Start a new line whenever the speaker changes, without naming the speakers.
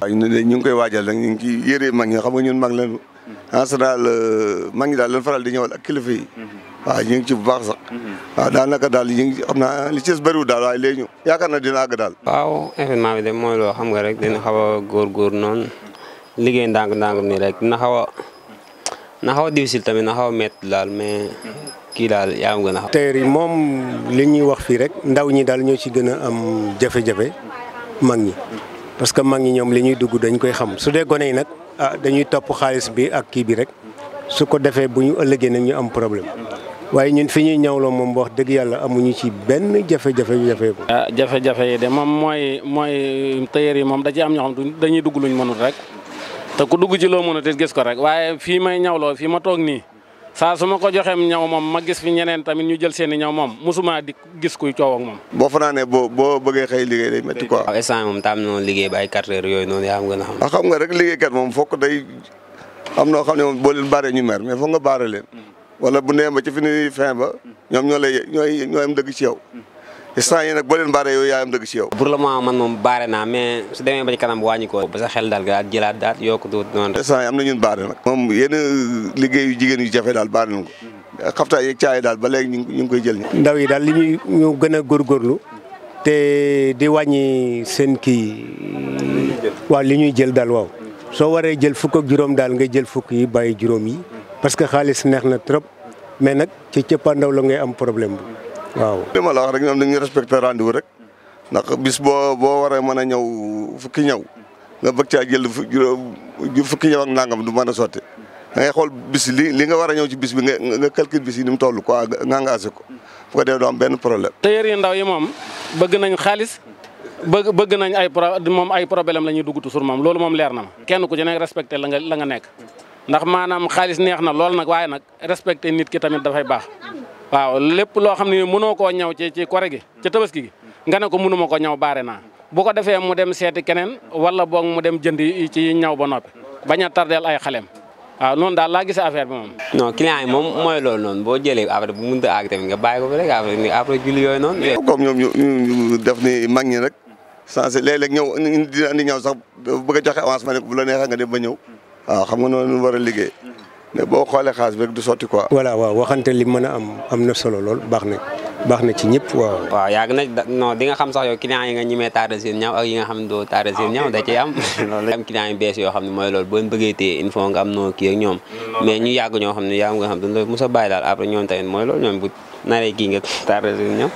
waaw ñun ñu ngi koy waajal rek ñu ngi ci yére mag ñi xam nga ñun mag lañu. en euh, mag ñi daal lañ faral di ñëwal ak kilifa yi. waaw ñu ngi ci bu baax sax. waaw daanaka daal ñu ngi li ci des bëriwul daal yaakaar na dina àgg daal. bi
de mooy loo xam nga rek dina xaw a góorgóor noonu liggéey ndànk-ndànk nii rek dina xaw a na xaw a tamit na xaw a métti daal mais kii daal yaa ngi gën yi
moom li ñuy wax fii rek ndaw ñi daal ñoo ci gën a am jafe-jafe mag ñi. parce que mag ñi ñoom li ñuy dugg dañ koy xam su dee gone yi nag ah, dañuy topp xaalis bi ak kii bi rek su ko defee bu ñu ëllëgee nag ñu am problème waaye ñun fi ñuy ñawloo moom wax dëgg yàlla amuñu ci benn jafe-jafe yu jafe ko.
Ah, jafe-jafe yi de moom mooy mooy tailleur yi moom da ci am ñoo xam dañuy dugg luñ mënul rek te ku dugg ci loo mënut it gis ko rek waaye fii may ñawloo fii ma toog nii. saa su ma ko joxeem ñaw moom ma gis fi ñeneen tamit ñu jël seen i ñaw moom mosuma dikk gis kuy coow ak moom.
boo fanaanee boo boo bëggee xëy liggéey day métti quoi.
waaw moom taam noonu liggéey ba ay yooyu noonu yaa am gën a xam. Ah, xam nga rek
liggéeykat moom fokk day am noo xam ne moom boo leen ñu mer mais foog nga baare leen. Mm. wala bu nee ba ci fi ni fin ba ñoom ñoo lay ñooy ñooy dëgg ci yow. Mm. instant yi nag boo leen baaree yow yaa am dëgg ci yow. pour le moment man moom
baare naa mais su demee ba ci kanam wàññi ko ba sa xel daal gaa jëlaat daal yokku tuut noonu.
instant yi am na ñun baare nag. moom yenn liggéeyu jigéen yu jafe daal baare nañ ko xaftaay yeeg caay daal ba léegi ñu ngi ndaw
yi daal li ñuy ñu gën a góorgóorlu te di wàññi seen kii waaw li ñuy jël daal waaw soo waree jël fukk juróom daal nga jël fukk yi bàyyi juróom yi parce que xaalis neex na trop mais nag ci cëppaandaw la ngay am
problème bi waaw li ma la wax rek ñoom dañuy respecté rendez-vous rek ndax bis boo boo waree mën a ñëw fukki ñëw nga bëgg caa jël fukki ñëw ak nangam du mën a sotti da xool bis li li nga war a ñëw ci bis bi nga nga calcule bis yi ni mu toll quoi nga engagé ko bu ko dee doom benn problème.
tailleur yi ndaw yi moom bëgg nañ xaalis bëgg bëgg nañ ay pro moom ay problème la ñuy dugg toujours moom loolu moom leer na ma kenn ku ci nekk respecté la nga la nga nekk ndax maanam xaalis neex na lool nag waaye nag respecté nit ki tamit dafay baax. waaw lépp loo xam ne mënoo koo ñaw ci ci kore gi ci tabaski gi nga ne ko mënuma ko ñaw baare naa bu ko defee mu dem seeti keneen wala boog mu dem jënd ci ñaw ba nopp bañ a tardeel ay xaleem waaw noon daal laa gisee affaire bi moom.
non client yi moom mooy loolu noonu boo jëlee après bu mënut a àgg tamit nga bàyyi ko fi rek après ni après julli yooyu noonu.
comme ñoom ñu def ni mag ñi rek sensé léeg-léeg ñëw dina andi ñëw sax bëgg a joxe avancement ne bu la neexee nga dem ba ñëw waaw xam nga noonu war a liggéey. boo xoolee xaas bi rek du sotti quoi.
voilà waaw waxante li a am am solo lool baax na baax na ci ñëpp waaw.
waaw yàgg na non di nga xam sax yow client yi nga ñemee taare seen ñaw ak yi nga xam ne doo taare ñaw ah, da am. loolu la am bees yoo xam ne mooy loolu boo bëggee téye il faut nga am noo kii ak ñoom. mais ñu yàgg ñoo xam ne yaa nga xam ne dañu la mos a bàyyi daal après ñoom tamit mooy loolu ñoom bu naree kii nga taare ñaw.